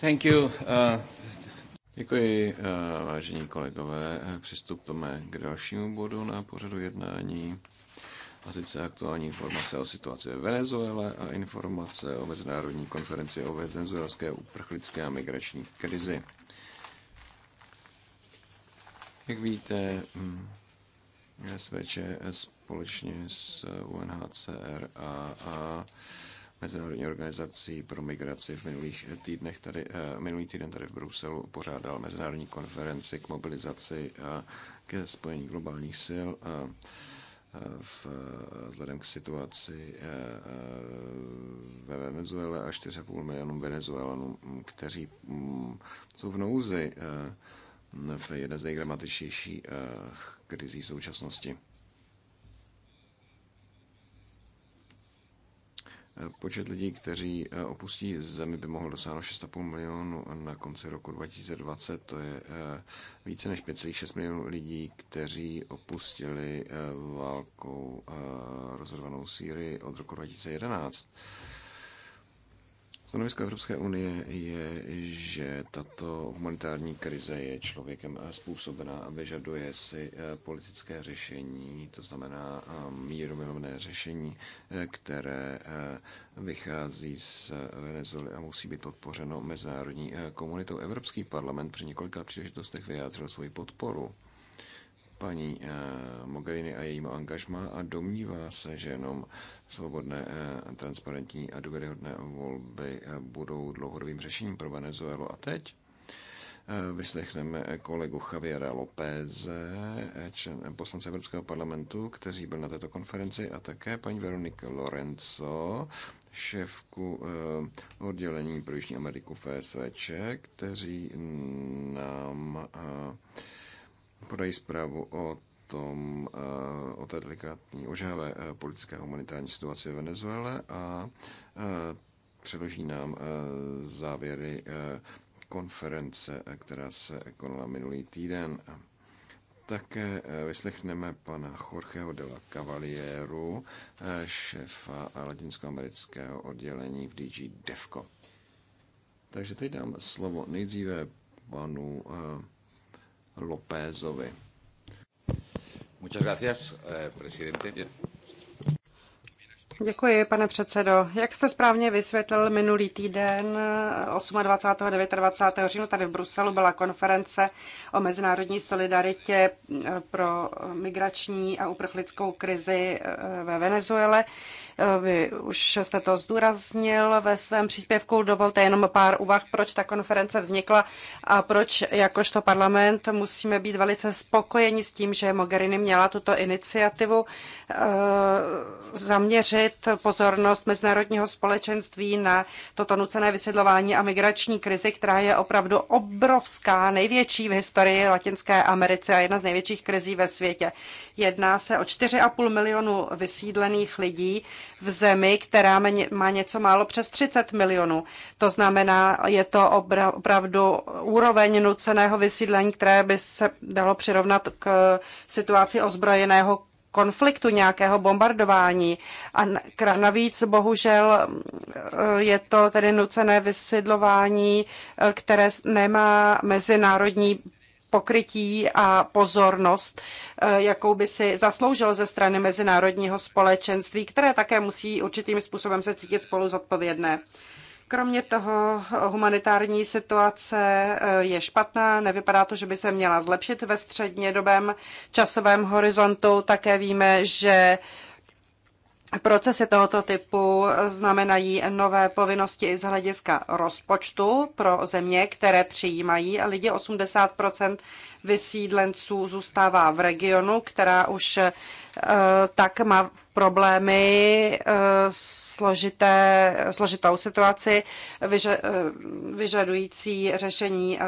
Thank you. Uh... Děkuji, uh, vážení kolegové. Přistupujeme k dalšímu bodu na pořadu jednání a sice aktuální informace o situaci v Venezuele a informace o mezinárodní konferenci o venezuelské uprchlické a migrační krizi. Jak víte, hm, SVČ společně s UNHCR a, a Mezinárodní organizací pro migraci v minulých týdnech tady, eh, minulý týden tady v Bruselu pořádal mezinárodní konferenci k mobilizaci a eh, ke spojení globálních sil eh, v, vzhledem k situaci ve Venezuele a 4,5 milionů Venezuelanů, mm, kteří mm, jsou v nouzi v jedné z nejgramatičnějších krizí současnosti. Počet lidí, kteří eh, opustí zemi, by mohl dosáhnout 6,5 milionů na konci roku 2020. To je eh, více než 5,6 milionů lidí, kteří opustili eh, válkou rozhodovanou Sýrii od roku 2011. Stanovisko Evropské unie je, že tato humanitární krize je člověkem způsobená a vyžaduje si eh, politické řešení, to znamená eh, mírumilovné řešení, eh, které vychází z Venezuely a musí být podpořeno mezinárodní komunitou. Evropský parlament při několika příležitostech vyjádřil svoji podporu paní eh, Mogherini a jejímu angažma a domnívá se, že jenom svobodné, eh, transparentní a důvěryhodné volby eh, budou dlouhodobým řešením pro Venezuelu. A teď vyslechneme kolegu Javiera Lópeze, poslance Evropského parlamentu, který byl na této konferenci, a také paní Veronika Lorenzo, šéfku oddělení pro Jižní Ameriku FSVČ, kteří nám podají zprávu o tom, eh, o té delikátní ožavé eh, politické a humanitární situaci v Venezuele a eh, předloží nám závěry konference, která se konala minulý týden. Také vyslechneme pana Jorgeho de la Cavalieru, šéfa latinskoamerického oddělení v DG DEFCO. Takže teď dám slovo nejdříve panu Lópezovi. Muchas gracias, eh, presidente. Děkuji, pane předsedo. Jak jste správně vysvětlil, minulý týden 28. a 29. října tady v Bruselu byla konference o mezinárodní solidaritě eh, pro migrační a uprchlickou krizi eh, ve Venezuele. Vy už jste to zdůraznil ve svém příspěvku. Dovolte jenom pár úvah, proč ta konference vznikla a proč jakožto parlament musíme být velice spokojeni s tím, že Mogherini měla tuto iniciativu eh, zaměřit pozornost mezinárodního společenství na toto nucené vysvědlování a migrační krizi, která je opravdu obrovská, největší v historii Latinské Americe a jedna z největších krizí ve světě. Jedná se o 4,5 milionu vysídlených lidí, v zemi, která má něco málo přes 30 milionů. To znamená, je to opravdu úroveň nuceného vysídlení, které by se dalo přirovnat k situaci ozbrojeného konfliktu, nějakého bombardování. A navíc bohužel mm, je to tedy nucené vysidlování, e, které nemá mezinárodní pokrytí a pozornost, eh, jakou by si zasloužil ze strany mezinárodního společenství, které také musí určitým způsobem se cítit spolu zodpovědné. Kromě toho eh, humanitární situace eh, je špatná, nevypadá to, že by se měla zlepšit ve střednědobém časovém horizontu. Také víme, že Procesy tohoto typu znamenají nové povinnosti i z hlediska rozpočtu pro země, které přijímají lidi. 80 vysídlenců zůstává v regionu, která už eh, tak má problémy, eh, složité, složitou situaci, eh, vyžadující řešení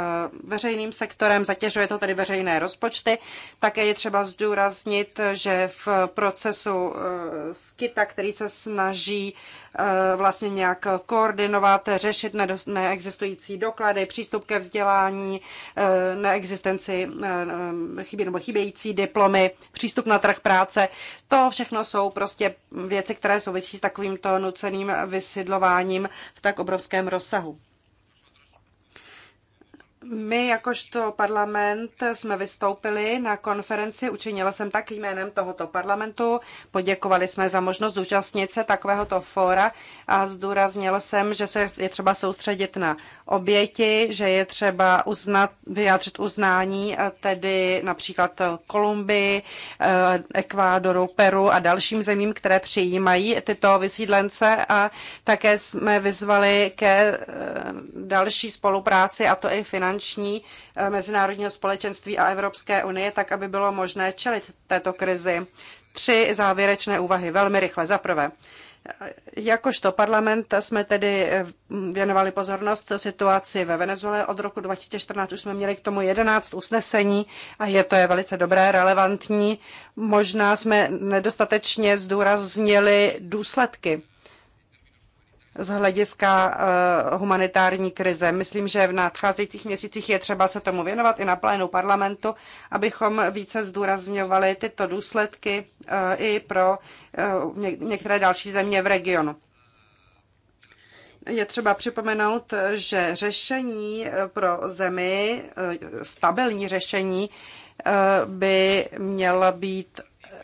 veřejným sektorem, zatěžuje to tedy veřejné rozpočty. Také je třeba zdůraznit, že v procesu Skita, který se snaží Eh, vlastně nějak koordinovat, řešit neexistující doklady, přístup ke vzdělání, eh, neexistenci eh, chybí nebo chybějící diplomy, přístup na trh práce. To všechno jsou prostě věci, které souvisí s takovýmto nuceným vysidlováním v tak obrovském rozsahu. My jakožto parlament jsme vystoupili na konferenci, učinila jsem tak jménem tohoto parlamentu, poděkovali jsme za možnost zúčastnit se takovéhoto fóra a zdůraznil jsem, že se je třeba soustředit na oběti, že je třeba uznat, vyjádřit uznání tedy například Kolumbii, e, Ekvádoru, Peru a dalším zemím, které přijímají tyto vysídlence a také jsme vyzvali ke e, další spolupráci a to i finanční finanční eh, mezinárodního společenství a Evropské unie, tak aby bylo možné čelit této krizi. Tři závěrečné úvahy, velmi rychle. Za prvé, eh, Jakožto parlament jsme tedy eh, věnovali pozornost situaci ve Venezuele. Od roku 2014 už jsme měli k tomu 11 usnesení a je to je velice dobré, relevantní. Možná jsme nedostatečně zdůraznili důsledky z hlediska eh, humanitární krize. Myslím, že v nadcházejících měsících je třeba se tomu věnovat i na plénu parlamentu, abychom více zdůrazňovali tyto důsledky eh, i pro eh, některé další země v regionu. Je třeba připomenout, že řešení pro zemi, stabilní řešení, by měla být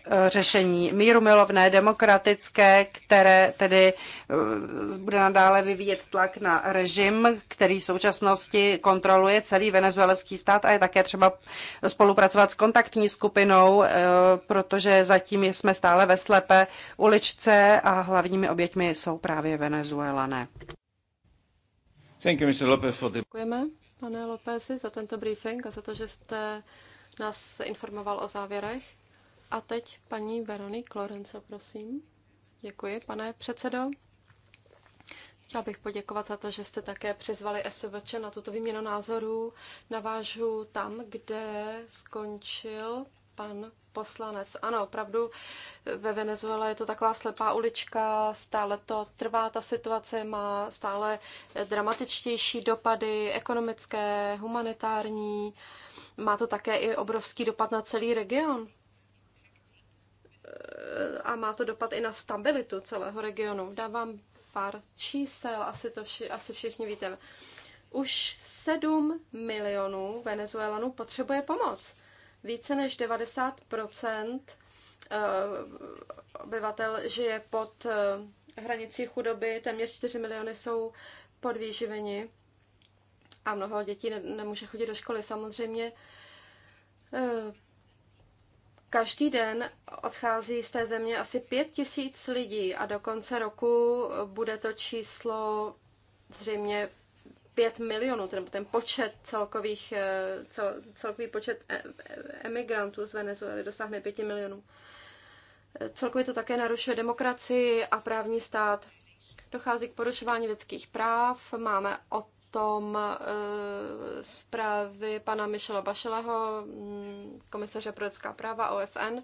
Eh, řešení mírumilovné, demokratické, které tedy eh, bude nadále vyvíjet tlak na režim, který v současnosti kontroluje celý venezuelský stát a je také třeba spolupracovat s kontaktní skupinou, eh, protože zatím jsme stále ve slepé uličce a hlavními oběťmi jsou právě Venezuelané. Děkujeme, pane Lopezi, za tento briefing a za to, že jste nás informoval o závěrech. A teď paní Veronik Lorenzo, prosím. Děkuji, pane předsedo. Chtěla bych poděkovat za to, že jste také přizvali SVČ na tuto výměnu názorů. Navážu tam, kde skončil pan poslanec. Ano, opravdu ve Venezuele je to taková slepá ulička, stále to trvá, ta situace má stále dramatičtější dopady ekonomické, humanitární. Má to také i obrovský dopad na celý region a má to dopad i na stabilitu celého regionu. Dávám pár čísel, asi to vši, asi všichni víte. Už 7 milionů Venezuelanů potřebuje pomoc. Více než 90 eh, obyvatel žije pod eh, hranicí chudoby, téměř 4 miliony jsou podvýživeni a mnoho dětí nemůže chodit do školy. Samozřejmě eh, Každý den odchází z té země asi pět tisíc lidí a do konce roku bude to číslo zřejmě 5 milionů, ten, ten počet celkových, eh, cel, celkový počet e, e, emigrantů z Venezuely dosáhne 5 milionů. Eh, celkově to také narušuje demokracii a právní stát. Dochází k porušování lidských práv, máme od potom e, zprávy pana Michela Bašeleho, mm, komisaře pro lidská práva OSN.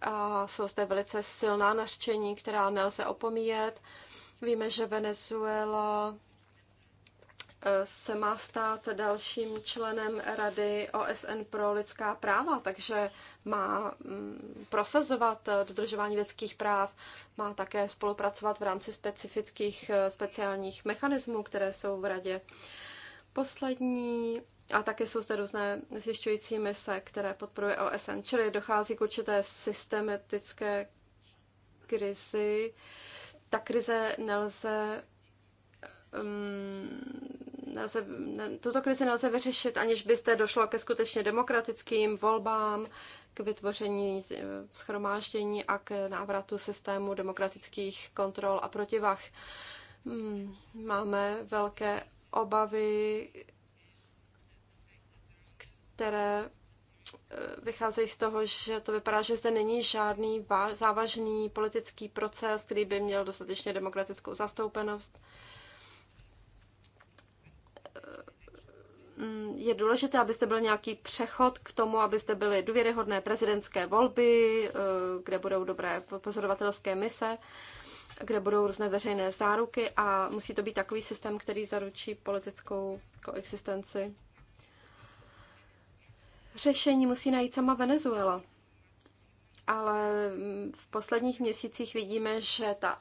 A jsou zde velice silná nařčení, která nelze opomíjet. Víme, že Venezuela se má stát dalším členem Rady OSN pro lidská práva, takže má mm, prosazovat dodržování lidských práv, má také spolupracovat v rámci specifických eh, speciálních mechanismů, které jsou v Radě. Poslední a také jsou zde různé zjišťující mise, které podporuje OSN, čili dochází k určité systematické krizi. Ta krize nelze um, nelze, tuto krizi nelze vyřešit, aniž byste došlo ke skutečně demokratickým volbám, k vytvoření eh, schromáždění a k návratu systému demokratických kontrol a protivách. Hmm, máme velké obavy, které eh, vycházejí z toho, že to vypadá, že zde není žádný závažný politický proces, který by měl dostatečně demokratickou zastoupenost. je důležité, aby byl nějaký přechod k tomu, aby byly důvěryhodné prezidentské volby, eh, kde budou dobré pozorovatelské mise, kde budou různé veřejné záruky a musí to být takový systém, který zaručí politickou koexistenci. Řešení musí najít sama Venezuela ale mm, v posledních měsících vidíme, že ta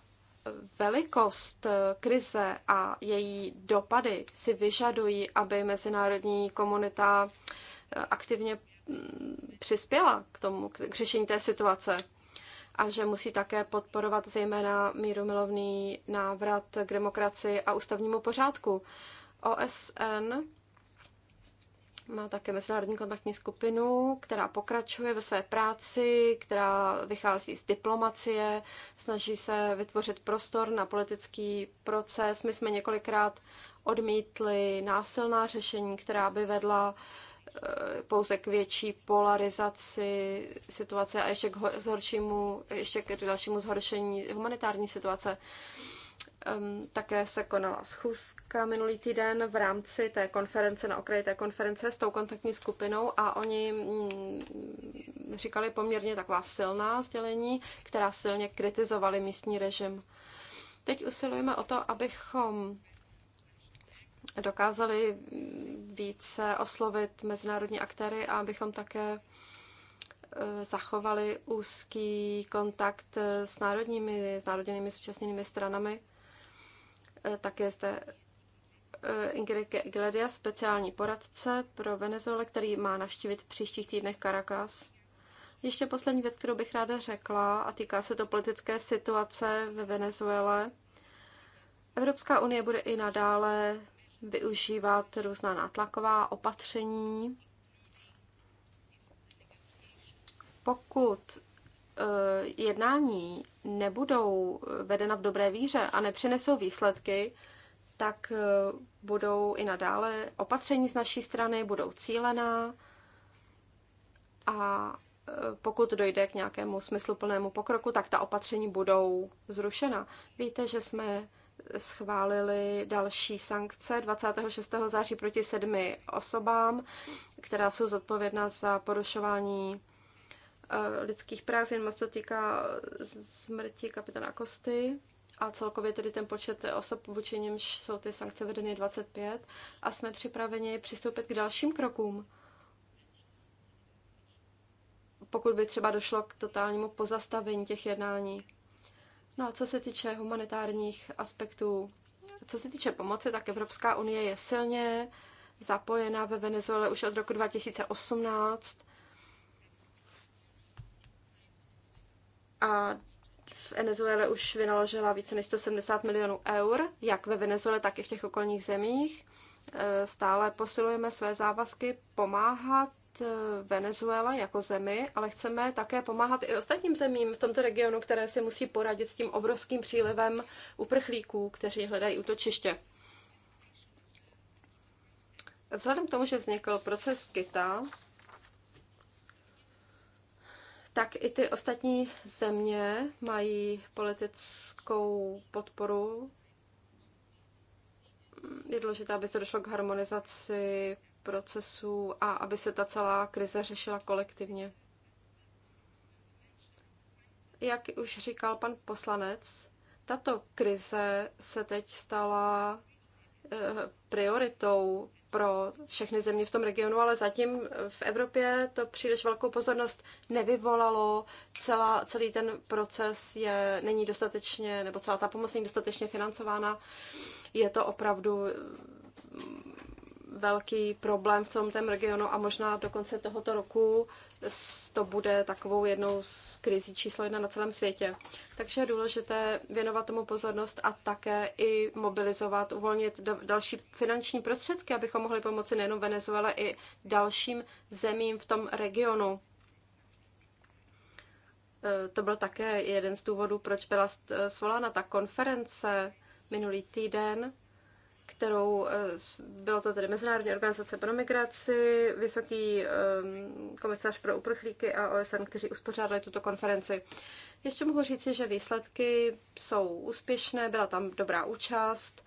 velikost eh, krize a její dopady si vyžadují, aby mezinárodní komunita eh, aktivně mm, přispěla k tomu, k řešení té situace a že musí také podporovat zejména mírumilovný návrat k demokracii a ústavnímu pořádku. OSN má také mezinárodní kontaktní skupinu, která pokračuje ve své práci, která vychází z diplomacie, snaží se vytvořit prostor na politický proces. My jsme několikrát odmítli násilná řešení, která by vedla eh, pouze k větší polarizaci situace a ještě k, zhoršímu, ještě k dalšímu zhoršení humanitární situace. Uh, také se konala schůzka minulý týden v rámci té konference, na okraji té konference s tou kontaktní skupinou a oni mm, říkali poměrně taková silná sdělení, která silně kritizovali místní režim. Teď usilujeme o to, abychom dokázali více oslovit mezinárodní aktéry a abychom také e, zachovali úzký kontakt s národními, s národněnými současnými stranami Eh, také zde eh, Ingrid Gledia, speciální poradce pro Venezuelu, který má navštívit v příštích týdnech Caracas. Ještě poslední věc, kterou bych ráda řekla, a týká se to politické situace ve Venezuele. Evropská unie bude i nadále využívat různá nátlaková opatření. Pokud Eh, jednání nebudou vedena v dobré víře a nepřinesou výsledky, tak eh, budou i nadále opatření z naší strany, budou cílená a eh, pokud dojde k nějakému smysluplnému pokroku, tak ta opatření budou zrušena. Víte, že jsme schválili další sankce 26. září proti sedmi osobám, která jsou zodpovědná za porušování lidských práv, jen se to týká smrti kapitána Kosty a celkově tedy ten počet osob, vůči němž jsou ty sankce vedeny 25 a jsme připraveni přistoupit k dalším krokům. Pokud by třeba došlo k totálnímu pozastavení těch jednání. No a co se týče humanitárních aspektů, co se týče pomoci, tak Evropská unie je silně zapojená ve Venezuele už od roku 2018 a v Venezuele už vynaložila více než 170 milionů eur, jak ve Venezuele, tak i v těch okolních zemích. E, stále posilujeme své závazky pomáhat e, Venezuela jako zemi, ale chceme také pomáhat i ostatním zemím v tomto regionu, které si musí poradit s tím obrovským přílivem uprchlíků, kteří hledají útočiště. Vzhledem k tomu, že vznikl proces Kita, tak i ty ostatní země mají politickou podporu. Je důležité, aby se došlo k harmonizaci procesů a aby se ta celá krize řešila kolektivně. Jak už říkal pan poslanec, tato krize se teď stala eh, prioritou pro všechny země v tom regionu, ale zatím v Evropě to příliš velkou pozornost nevyvolalo. Celá, celý ten proces je, není dostatečně, nebo celá ta pomoc není dostatečně financována. Je to opravdu velký problém v celém tom regionu a možná do konce tohoto roku to bude takovou jednou z krizí číslo jedna na celém světě. Takže je důležité věnovat tomu pozornost a také i mobilizovat, uvolnit další finanční prostředky, abychom mohli pomoci nejenom Venezuele, i dalším zemím v tom regionu. E, to byl také jeden z důvodů, proč byla svolána ta konference minulý týden kterou eh, bylo to tedy Mezinárodní organizace pro migraci, Vysoký eh, komisař pro uprchlíky a OSN, kteří uspořádali tuto konferenci. Ještě mohu říci, že výsledky jsou úspěšné, byla tam dobrá účast,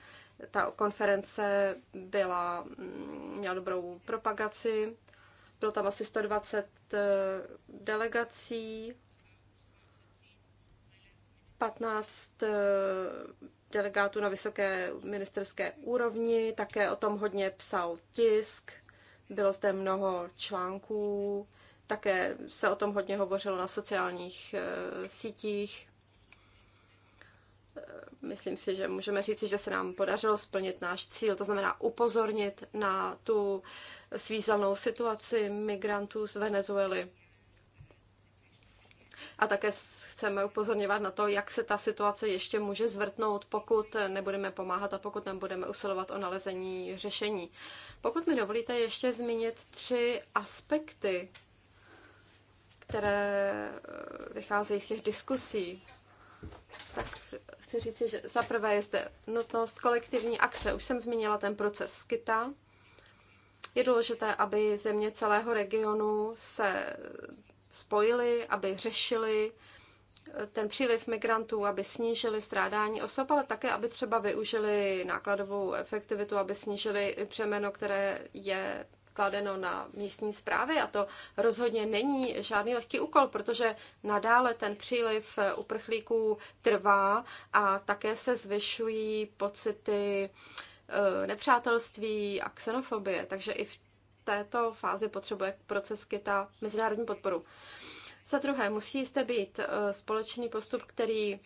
ta konference byla, mm, měla dobrou propagaci, bylo tam asi 120 eh, delegací 15 eh, delegátů na vysoké ministerské úrovni, také o tom hodně psal tisk, bylo zde mnoho článků, také se o tom hodně hovořilo na sociálních eh, sítích. Eh, myslím si, že můžeme říci, že se nám podařilo splnit náš cíl, to znamená upozornit na tu svízelnou situaci migrantů z Venezuely. A také chceme upozorňovat na to, jak se ta situace ještě může zvrtnout, pokud nebudeme pomáhat a pokud nebudeme usilovat o nalezení řešení. Pokud mi dovolíte ještě zmínit tři aspekty, které eh, vycházejí z těch diskusí, tak chci říct, že za prvé je zde nutnost kolektivní akce. Už jsem zmínila ten proces skyta. Je důležité, aby země celého regionu se spojili, aby řešili eh, ten příliv migrantů, aby snížili strádání osob, ale také, aby třeba využili nákladovou efektivitu, aby snížili přemeno, které je kladeno na místní zprávy a to rozhodně není žádný lehký úkol, protože nadále ten příliv eh, uprchlíků trvá a také se zvyšují pocity eh, nepřátelství a xenofobie. Takže i v této fázi potřebuje proces KITA mezinárodní podporu. Za druhé, musí zde být e, společný postup, který e,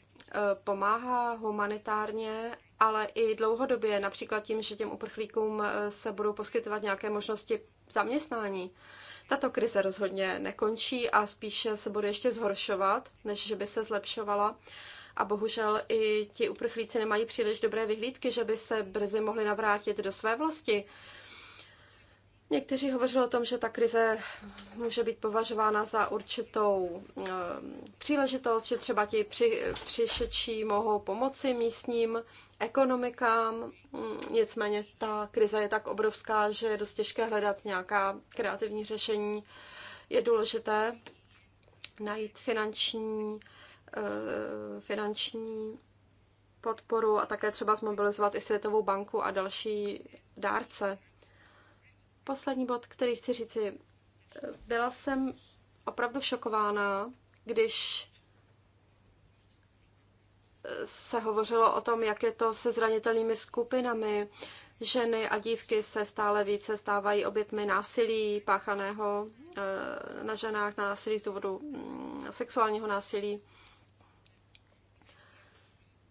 pomáhá humanitárně, ale i dlouhodobě, například tím, že těm uprchlíkům e, se budou poskytovat nějaké možnosti zaměstnání. Tato krize rozhodně nekončí a spíše se bude ještě zhoršovat, než že by se zlepšovala. A bohužel i ti uprchlíci nemají příliš dobré vyhlídky, že by se brzy mohli navrátit do své vlasti. Někteří hovořili o tom, že ta krize může být považována za určitou ehm, příležitost, že třeba ti při, přišečí mohou pomoci místním ekonomikám. Mm, nicméně ta krize je tak obrovská, že je dost těžké hledat nějaká kreativní řešení. Je důležité najít finanční, ehm, finanční podporu a také třeba zmobilizovat i Světovou banku a další dárce Poslední bod, který chci říci. Byla jsem opravdu šokována, když se hovořilo o tom, jak je to se zranitelnými skupinami. Ženy a dívky se stále více stávají obětmi násilí páchaného eh, na ženách, na násilí z důvodu mm, sexuálního násilí.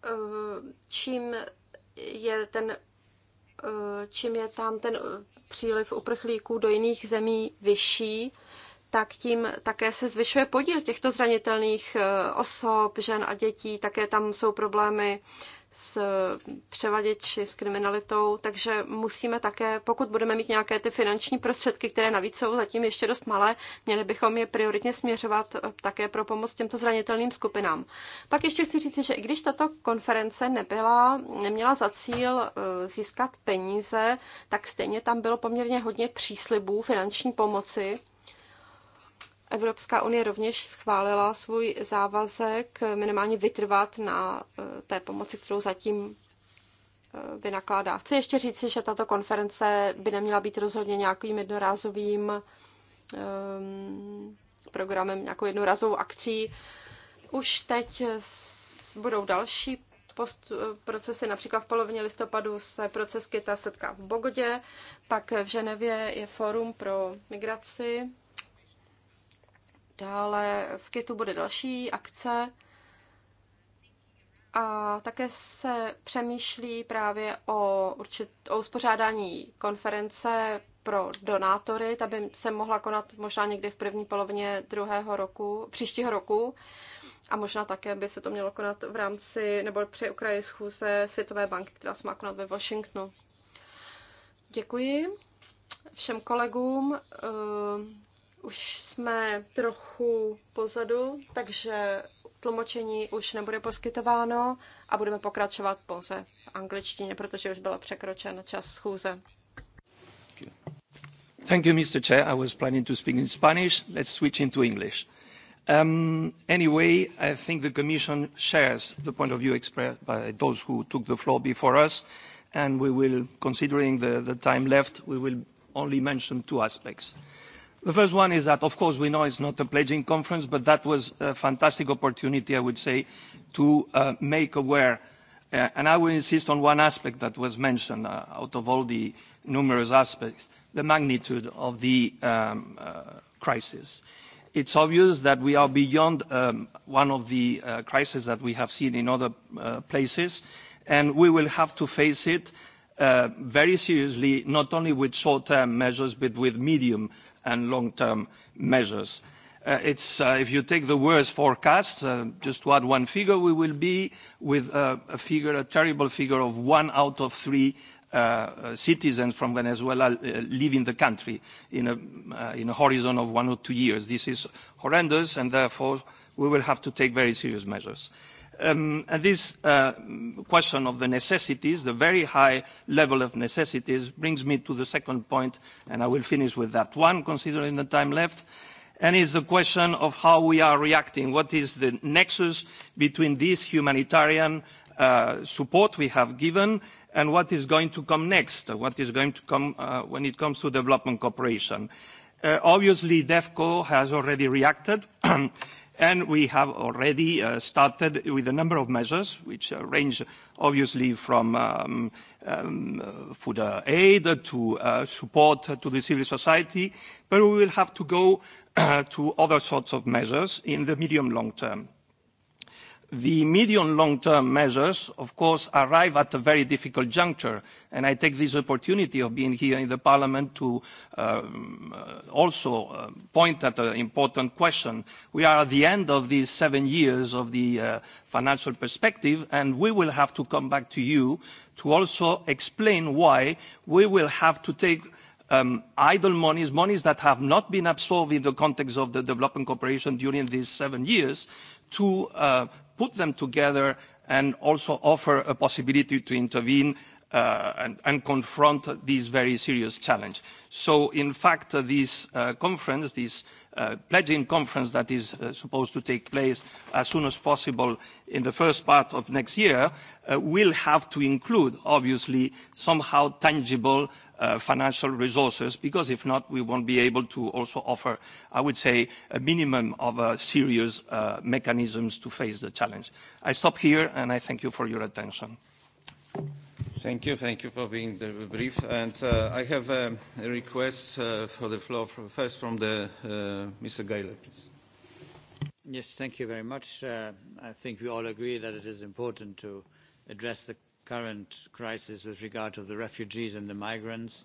Eh, čím je ten eh, čím je tam ten příliv uprchlíků do jiných zemí vyšší, tak tím také se zvyšuje podíl těchto zranitelných eh, osob, žen a dětí. Také tam jsou problémy s převaděči, s kriminalitou, takže musíme také, pokud budeme mít nějaké ty finanční prostředky, které navíc jsou zatím ještě dost malé, měli bychom je prioritně směřovat eh, také pro pomoc těmto zranitelným skupinám. Pak ještě chci říct, že i když tato konference nebyla, neměla za cíl eh, získat peníze, tak stejně tam bylo poměrně hodně příslibů finanční pomoci Evropská unie rovněž schválila svůj závazek minimálně vytrvat na eh, té pomoci, kterou zatím eh, vynakládá. Chci ještě říci, že tato konference by neměla být rozhodně nějakým jednorázovým ehm, programem, nějakou jednorázovou akcí. Už teď budou další post, eh, procesy, například v polovině listopadu se proces KITA setká v Bogodě, pak v Ženevě je fórum pro migraci Dále v Kitu bude další akce a také se přemýšlí právě o, určit, o uspořádání konference pro donátory. Ta by se mohla konat možná někdy v první polovině druhého roku, příštího roku. A možná také by se to mělo konat v rámci nebo při okraji schůze Světové banky, která se má konat ve Washingtonu. Děkuji všem kolegům. Ehm, už jsme trochu pozadu, takže tlumočení už nebude poskytováno a budeme pokračovat pouze v angličtině, protože už byl překročen čas schůze. Thank you, Mr. Chair. I was planning to speak in Spanish. Let's switch into English. Um, anyway, I think the Commission shares the point of view expressed by those who took the floor before us, and we will, considering the, the time left, we will only mention two aspects. The first one is that, of course, we know it's not a pledging conference, but that was a fantastic opportunity, I would say, to uh, make aware. Uh, and I will insist on one aspect that was mentioned uh, out of all the numerous aspects, the magnitude of the um, uh, crisis. It's obvious that we are beyond um, one of the uh, crises that we have seen in other uh, places, and we will have to face it very seriously, not only with short-term measures, but with medium-term and long-term measures. Uh, it's, uh, if you take the worst forecast, uh, just to add one figure, we will be with a figure, a terrible figure of one out of three citizens from Venezuela leaving the country in a horizon of one or two years. This is horrendous, and therefore, we will have to take very serious measures. Um, this uh, question of the necessities, the very high level of necessities, brings me to the second point, and I will finish with that one, considering the time left, and is the question of how we are reacting. What is the nexus between this humanitarian uh, support we have given and what is going to come next, what is going to come uh, when it comes to development cooperation? Obviously, DEFCO has already reacted we have already uh, started with a number of measures, which uh, range obviously from um, um, food aid to uh, support to the civil society, but we will have to go to other sorts of measures in the medium long term the medium long-term measures, of course, arrive at a very difficult juncture. And I take this opportunity of being here in the Parliament to um, uh, also uh, point at an important question. We are at the end of these seven years of the uh, financial perspective, and we will have to come back to you to also explain why we will have to take um, idle monies, monies that have not been absorbed in the context of the development cooperation during these seven years, to put them together and also offer a possibility to intervene uh, and, and confront this very serious challenge. So in fact, uh, this uh, conference, this Uh, pledging conference that is uh, supposed to take place as soon as possible in the first part of next year uh, will have to include, obviously, somehow tangible Uh, financial resources, because if not, we won't be able to also offer, I would say, a minimum of uh, serious uh, mechanisms to face the challenge. I stop here, and I thank you for your attention. Thank you. Thank you for being brief. And uh, I have uh, a request uh, for the floor from, first from the uh, Mr. Geiler, please. Yes, thank you very much. Uh, I think we all agree that it is important to address the current crisis with regard to the refugees and the migrants.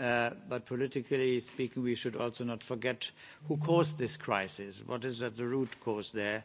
Uh, but politically speaking, we should also not forget who caused this crisis. What is at the root cause there?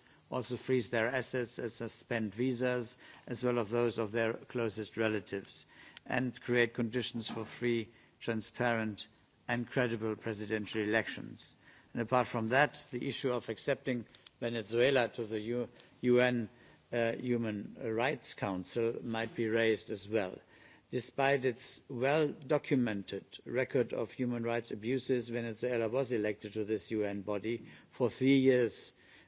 also freeze their assets and suspend visas, as well as those of their closest relatives, and create conditions for free, transparent, and credible presidential elections. And apart from that, the issue of accepting Venezuela to the U UN uh, Human Rights Council might be raised as well. Despite its well-documented record of human rights abuses, Venezuela was elected to this UN body for three years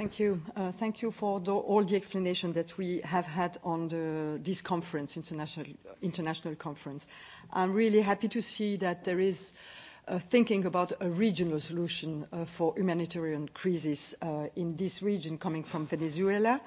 Thank you. Uh, thank you for all the explanation that we have had on this conference, international, conference. I'm really happy to see that there is uh, thinking about a regional solution uh, for humanitarian crisis in this region coming from Venezuela.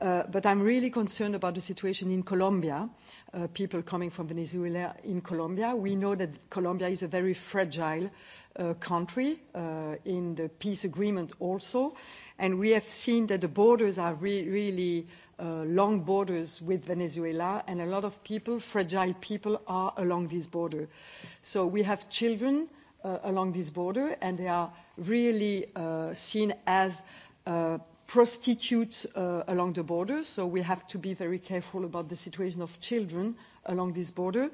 Uh, but I'm really concerned about the situation in Colombia, uh, people coming from Venezuela in Colombia. We know that Colombia is a very fragile uh, country uh, in the peace agreement also. And we have seen that the borders are re really uh, long borders with Venezuela, and a lot of people, fragile people, are along this border. So we have children uh, along this border, and they are really uh, seen as uh, prostitutes uh, along the border, so we have to be very careful about the situation of children along this border.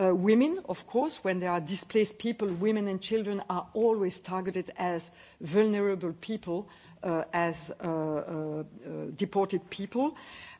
Uh, women, of course, when there are displaced people, women and children are always targeted as vulnerable people, uh, as uh, uh, uh, deported people,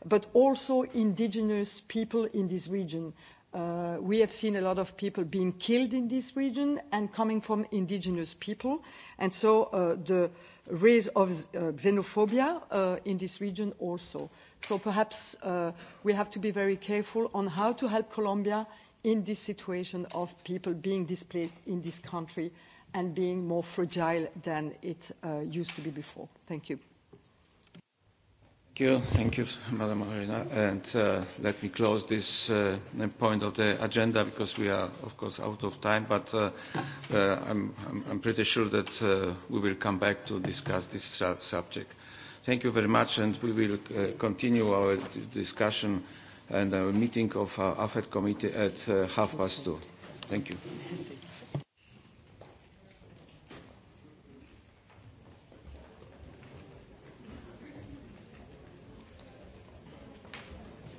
but also indigenous people in this region. Uh, we have seen a lot of people being killed in this region and coming from indigenous people. And so uh, the uh, rise of uh, xenophobia uh, in this region also. So perhaps uh, we have to be very careful on how to help Colombia in this situation of people being displaced in this country and being more fragile than it uh, used to be before. Thank you. Thank you. Thank you, Madam Arena. And uh, let me close this uh, point of the agenda because we are, of course, out of time, but uh, uh, I'm, I'm, I'm pretty sure that uh, we will come back to discuss this su subject. Thank you very much, and we will uh, continue our discussion and our meeting of our AFET committee at uh, half past two. Thank you.